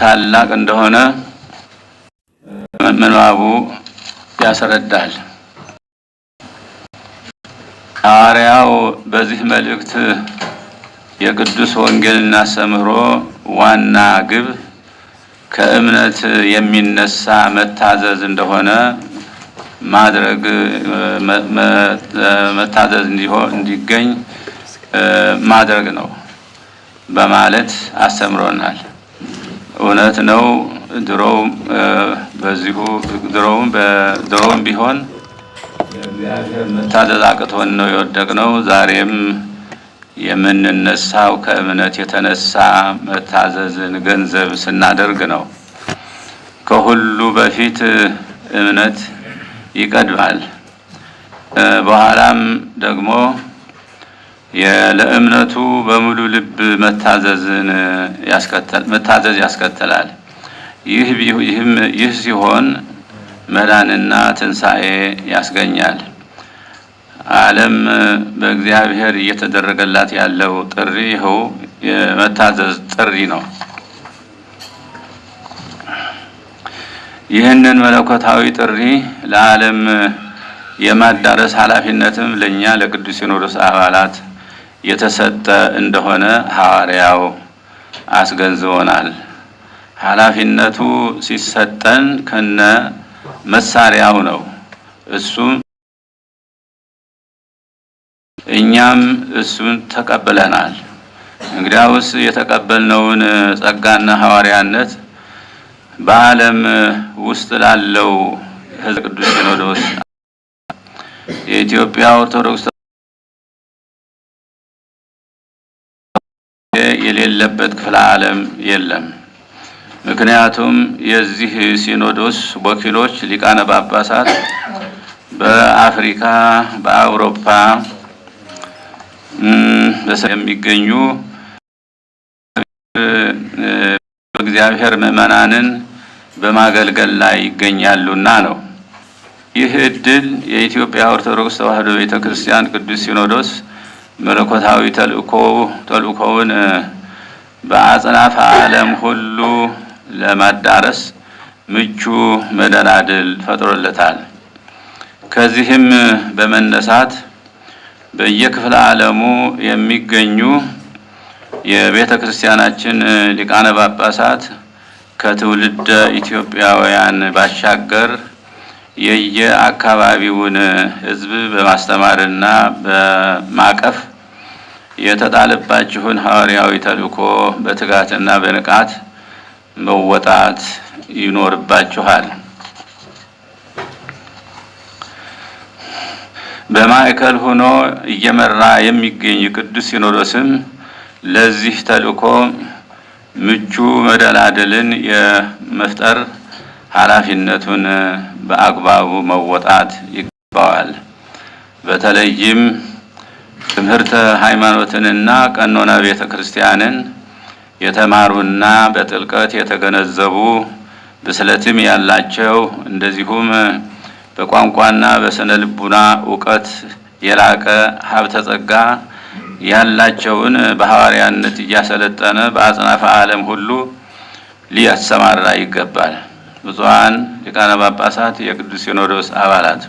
ታላቅ እንደሆነ ምንባቡ ያስረዳል። ሐዋርያው በዚህ መልእክት የቅዱስ ወንጌልና አስተምህሮ ዋና ግብ ከእምነት የሚነሳ መታዘዝ እንደሆነ ማድረግ መታዘዝ እንዲገኝ ማድረግ ነው። በማለት አስተምሮናል። እውነት ነው። ድሮው በዚሁ ድሮውም ቢሆን እግዚአብሔር መታዘዝ አቅቶን ነው የወደቅነው። ዛሬም የምንነሳው ከእምነት የተነሳ መታዘዝን ገንዘብ ስናደርግ ነው። ከሁሉ በፊት እምነት ይቀድማል። በኋላም ደግሞ ለእምነቱ በሙሉ ልብ መታዘዝን መታዘዝ ያስከትላል። ይህ ሲሆን መዳንና ትንሣኤ ያስገኛል። ዓለም በእግዚአብሔር እየተደረገላት ያለው ጥሪ ይኸው የመታዘዝ ጥሪ ነው። ይህንን መለኮታዊ ጥሪ ለዓለም የማዳረስ ኃላፊነትም ለእኛ ለቅዱስ ሲኖዶስ አባላት የተሰጠ እንደሆነ ሐዋርያው አስገንዝቦናል። ኃላፊነቱ ሲሰጠን ከነ መሳሪያው ነው። እሱም እኛም እሱን ተቀብለናል። እንግዲያውስ የተቀበልነውን ጸጋና ሐዋርያነት በዓለም ውስጥ ላለው ሕዝብ ቅዱስ ሲኖዶስ የኢትዮጵያ ኦርቶዶክስ የሌለበት ክፍለ ዓለም የለም። ምክንያቱም የዚህ ሲኖዶስ ወኪሎች ሊቃነ ጳጳሳት በአፍሪካ፣ በአውሮፓ የሚገኙ እግዚአብሔር ምዕመናንን በማገልገል ላይ ይገኛሉና ነው። ይህ እድል የኢትዮጵያ ኦርቶዶክስ ተዋሕዶ ቤተክርስቲያን ቅዱስ ሲኖዶስ መለኮታዊ ተልእኮውን በአጽናፈ ዓለም ሁሉ ለማዳረስ ምቹ መደላድል ፈጥሮለታል። ከዚህም በመነሳት በየክፍለ ዓለሙ የሚገኙ የቤተ ክርስቲያናችን ሊቃነ ጳጳሳት ከትውልደ ኢትዮጵያውያን ባሻገር የየአካባቢውን ሕዝብ በማስተማርና በማቀፍ የተጣለባችሁን ሐዋርያዊ ተልእኮ በትጋትና በንቃት መወጣት ይኖርባችኋል። በማዕከል ሆኖ እየመራ የሚገኝ ቅዱስ ሲኖዶስም ለዚህ ተልእኮ ምቹ መደላደልን የመፍጠር ኃላፊነቱን በአግባቡ መወጣት ይገባዋል። በተለይም ትምህርተ ሃይማኖትንና ቀኖና ቤተ ክርስቲያንን የተማሩና በጥልቀት የተገነዘቡ ብስለትም ያላቸው እንደዚሁም በቋንቋና በስነ ልቡና እውቀት የላቀ ሀብተ ጸጋ ያላቸውን በሐዋርያነት እያሰለጠነ በአጽናፈ ዓለም ሁሉ ሊያሰማራ ይገባል። ብፁዓን ሊቃነ ጳጳሳት፣ የቅዱስ ሲኖዶስ አባላት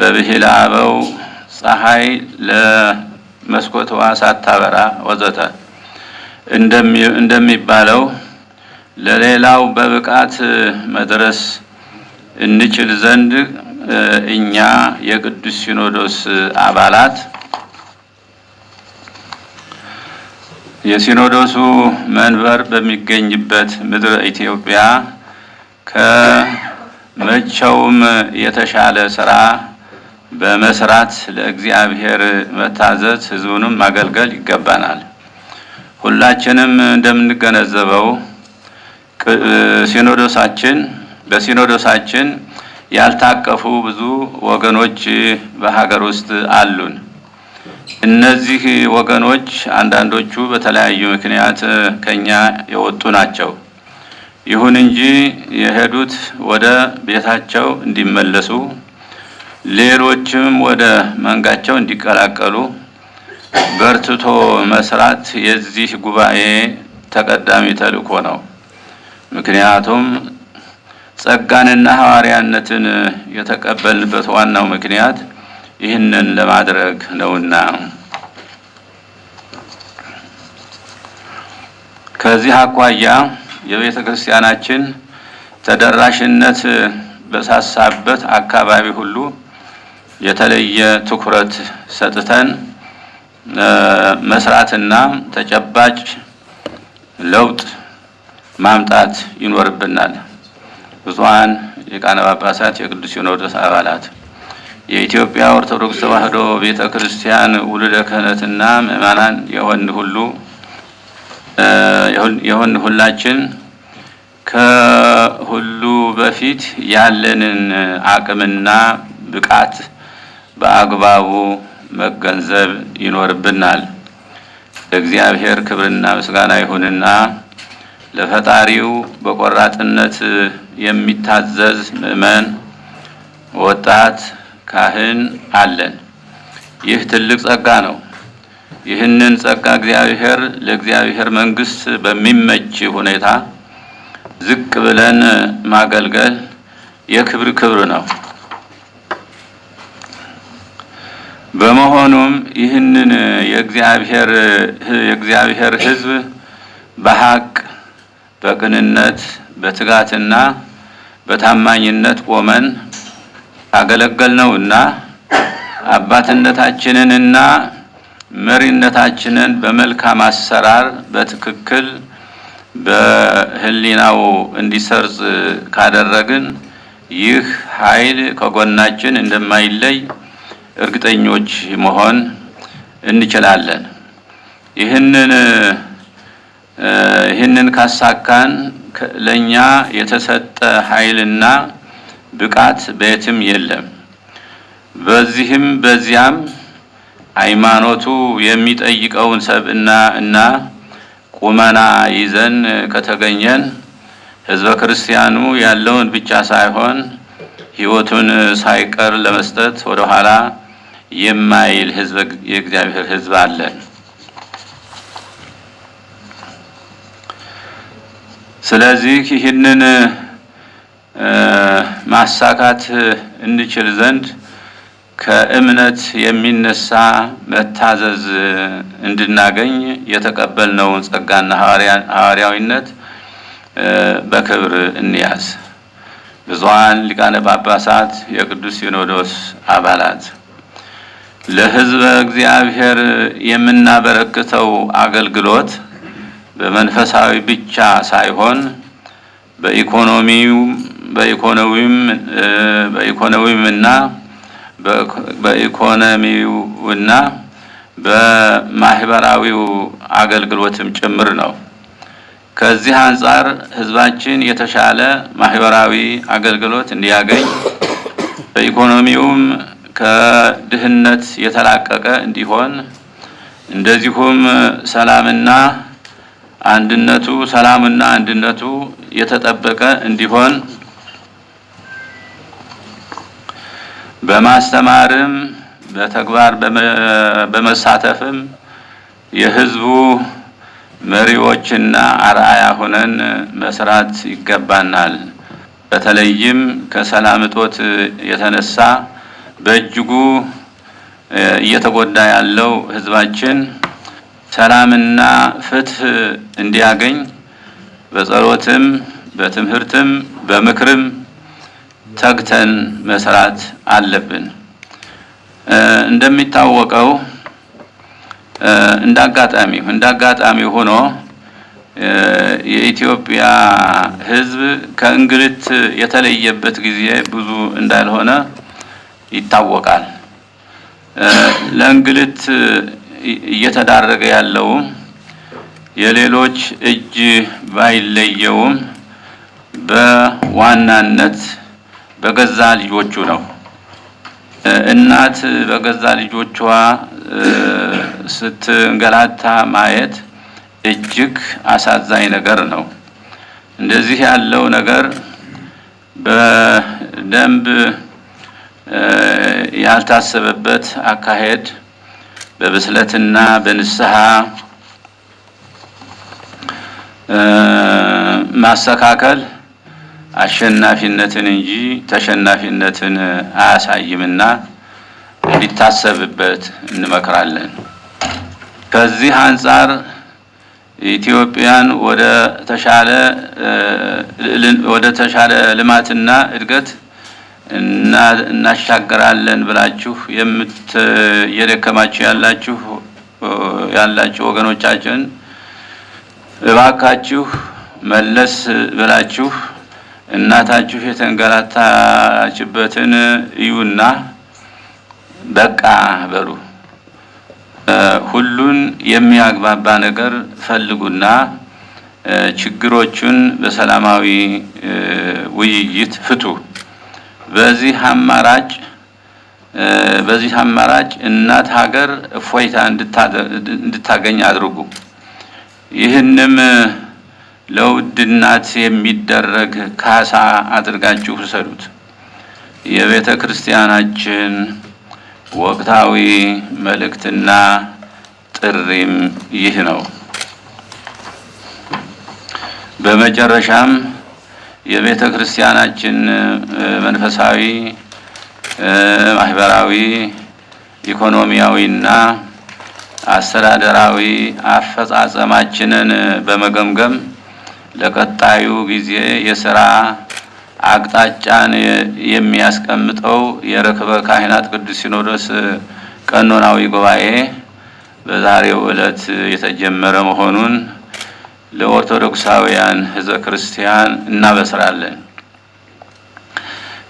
በብሂል አበው ፀሐይ ለመስኮትዋ ሳታበራ ወዘተ እንደሚባለው ለሌላው በብቃት መድረስ እንችል ዘንድ እኛ የቅዱስ ሲኖዶስ አባላት የሲኖዶሱ መንበር በሚገኝበት ምድረ ኢትዮጵያ ከመቼውም የተሻለ ስራ በመስራት ለእግዚአብሔር መታዘዝ፣ ህዝቡንም ማገልገል ይገባናል። ሁላችንም እንደምንገነዘበው ሲኖዶሳችን በሲኖዶሳችን ያልታቀፉ ብዙ ወገኖች በሀገር ውስጥ አሉን። እነዚህ ወገኖች አንዳንዶቹ በተለያዩ ምክንያት ከኛ የወጡ ናቸው። ይሁን እንጂ የሄዱት ወደ ቤታቸው እንዲመለሱ ሌሎችም ወደ መንጋቸው እንዲቀላቀሉ በርትቶ መስራት የዚህ ጉባኤ ተቀዳሚ ተልእኮ ነው። ምክንያቱም ጸጋንና ሐዋርያነትን የተቀበልንበት ዋናው ምክንያት ይህንን ለማድረግ ነውና ከዚህ አኳያ የቤተ ክርስቲያናችን ተደራሽነት በሳሳበት አካባቢ ሁሉ የተለየ ትኩረት ሰጥተን መስራትና ተጨባጭ ለውጥ ማምጣት ይኖርብናል። ብፁዓን የቃነ ጳጳሳት፣ የቅዱስ ሲኖዶስ አባላት፣ የኢትዮጵያ ኦርቶዶክስ ተዋሕዶ ቤተ ክርስቲያን ውሉደ ክህነትና ምዕመናን የሆን ሁሉ የሆን ሁላችን ከሁሉ በፊት ያለንን አቅምና ብቃት በአግባቡ መገንዘብ ይኖርብናል። ለእግዚአብሔር ክብርና ምስጋና ይሁንና ለፈጣሪው በቆራጥነት የሚታዘዝ ምእመን ወጣት ካህን አለን። ይህ ትልቅ ጸጋ ነው። ይህንን ጸጋ እግዚአብሔር ለእግዚአብሔር መንግስት በሚመች ሁኔታ ዝቅ ብለን ማገልገል የክብር ክብር ነው። በመሆኑም ይህንን የእግዚአብሔር ሕዝብ በሀቅ በቅንነት በትጋትና በታማኝነት ቆመን አባትነታችንን አባትነታችንንና መሪነታችንን በመልካም አሰራር በትክክል በህሊናው እንዲሰርጽ ካደረግን ይህ ኃይል ከጎናችን እንደማይለይ እርግጠኞች መሆን እንችላለን። ይህንን ይህንን ካሳካን ለእኛ የተሰጠ ኃይልና ብቃት በየትም የለም። በዚህም በዚያም ሃይማኖቱ የሚጠይቀውን ሰብእና እና ቁመና ይዘን ከተገኘን ህዝበ ክርስቲያኑ ያለውን ብቻ ሳይሆን ህይወቱን ሳይቀር ለመስጠት ወደኋላ የማይል የእግዚአብሔር ህዝብ አለ። ስለዚህ ይህንን ማሳካት እንችል ዘንድ ከእምነት የሚነሳ መታዘዝ እንድናገኝ የተቀበልነውን ጸጋና ሐዋርያዊነት በክብር እንያዝ። ብፁዓን ሊቃነ ጳጳሳት፣ የቅዱስ ሲኖዶስ አባላት ለሕዝበ እግዚአብሔር የምናበረክተው አገልግሎት በመንፈሳዊ ብቻ ሳይሆን በኢኮኖሚውና በኢኮኖሚውና በማህበራዊው አገልግሎትም ጭምር ነው። ከዚህ አንጻር ህዝባችን የተሻለ ማህበራዊ አገልግሎት እንዲያገኝ በኢኮኖሚውም ከድህነት የተላቀቀ እንዲሆን እንደዚሁም ሰላምና አንድነቱ ሰላምና አንድነቱ የተጠበቀ እንዲሆን በማስተማርም በተግባር በመሳተፍም የህዝቡ መሪዎችና አርአያ ሆነን መስራት ይገባናል። በተለይም ከሰላም እጦት የተነሳ በእጅጉ እየተጎዳ ያለው ህዝባችን ሰላምና ፍትህ እንዲያገኝ በጸሎትም በትምህርትም በምክርም ተግተን መስራት አለብን። እንደሚታወቀው እንዳጋጣሚ እንዳጋጣሚ ሆኖ የኢትዮጵያ ህዝብ ከእንግልት የተለየበት ጊዜ ብዙ እንዳልሆነ ይታወቃል። ለእንግልት እየተዳረገ ያለውም የሌሎች እጅ ባይለየውም በዋናነት በገዛ ልጆቹ ነው። እናት በገዛ ልጆቿ ስትንገላታ ማየት እጅግ አሳዛኝ ነገር ነው። እንደዚህ ያለው ነገር በደንብ ያልታሰበበት አካሄድ በብስለትና በንስሐ ማስተካከል አሸናፊነትን እንጂ ተሸናፊነትን አያሳይምና ሊታሰብበት እንመክራለን። ከዚህ አንጻር ኢትዮጵያን ወደ ተሻለ ልማትና እድገት እናሻገራለን ብላችሁ እየደከማችሁ ያላችሁ ያላችሁ ወገኖቻችን እባካችሁ መለስ ብላችሁ እናታችሁ የተንገላታችበትን እዩና በቃ በሉ። ሁሉን የሚያግባባ ነገር ፈልጉና ችግሮቹን በሰላማዊ ውይይት ፍቱ። በዚህ አማራጭ በዚህ አማራጭ እናት ሀገር እፎይታ እንድታገኝ አድርጉ። ይህንም ለውድ እናት የሚደረግ ካሳ አድርጋችሁ ውሰዱት። የቤተ ክርስቲያናችን ወቅታዊ መልእክትና ጥሪም ይህ ነው። በመጨረሻም የቤተ ክርስቲያናችን መንፈሳዊ፣ ማህበራዊ፣ ኢኮኖሚያዊና አስተዳደራዊ አፈጻጸማችንን በመገምገም ለቀጣዩ ጊዜ የስራ አቅጣጫን የሚያስቀምጠው የርክበ ካህናት ቅዱስ ሲኖዶስ ቀኖናዊ ጉባኤ በዛሬው ዕለት የተጀመረ መሆኑን ለኦርቶዶክሳውያን ህዝበ ክርስቲያን እናበስራለን።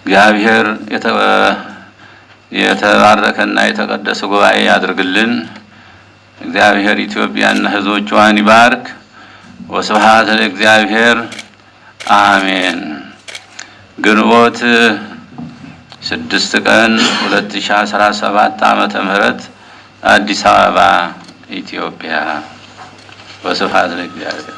እግዚአብሔር የተባረከና የተቀደሰ ጉባኤ ያድርግልን። እግዚአብሔር ኢትዮጵያና ህዝቦቿን ይባርክ። ወስብሐት ለእግዚአብሔር አሜን። ግንቦት ስድስት ቀን 2017 አመተ ምህረት አዲስ አበባ ኢትዮጵያ واسه فضل بیاره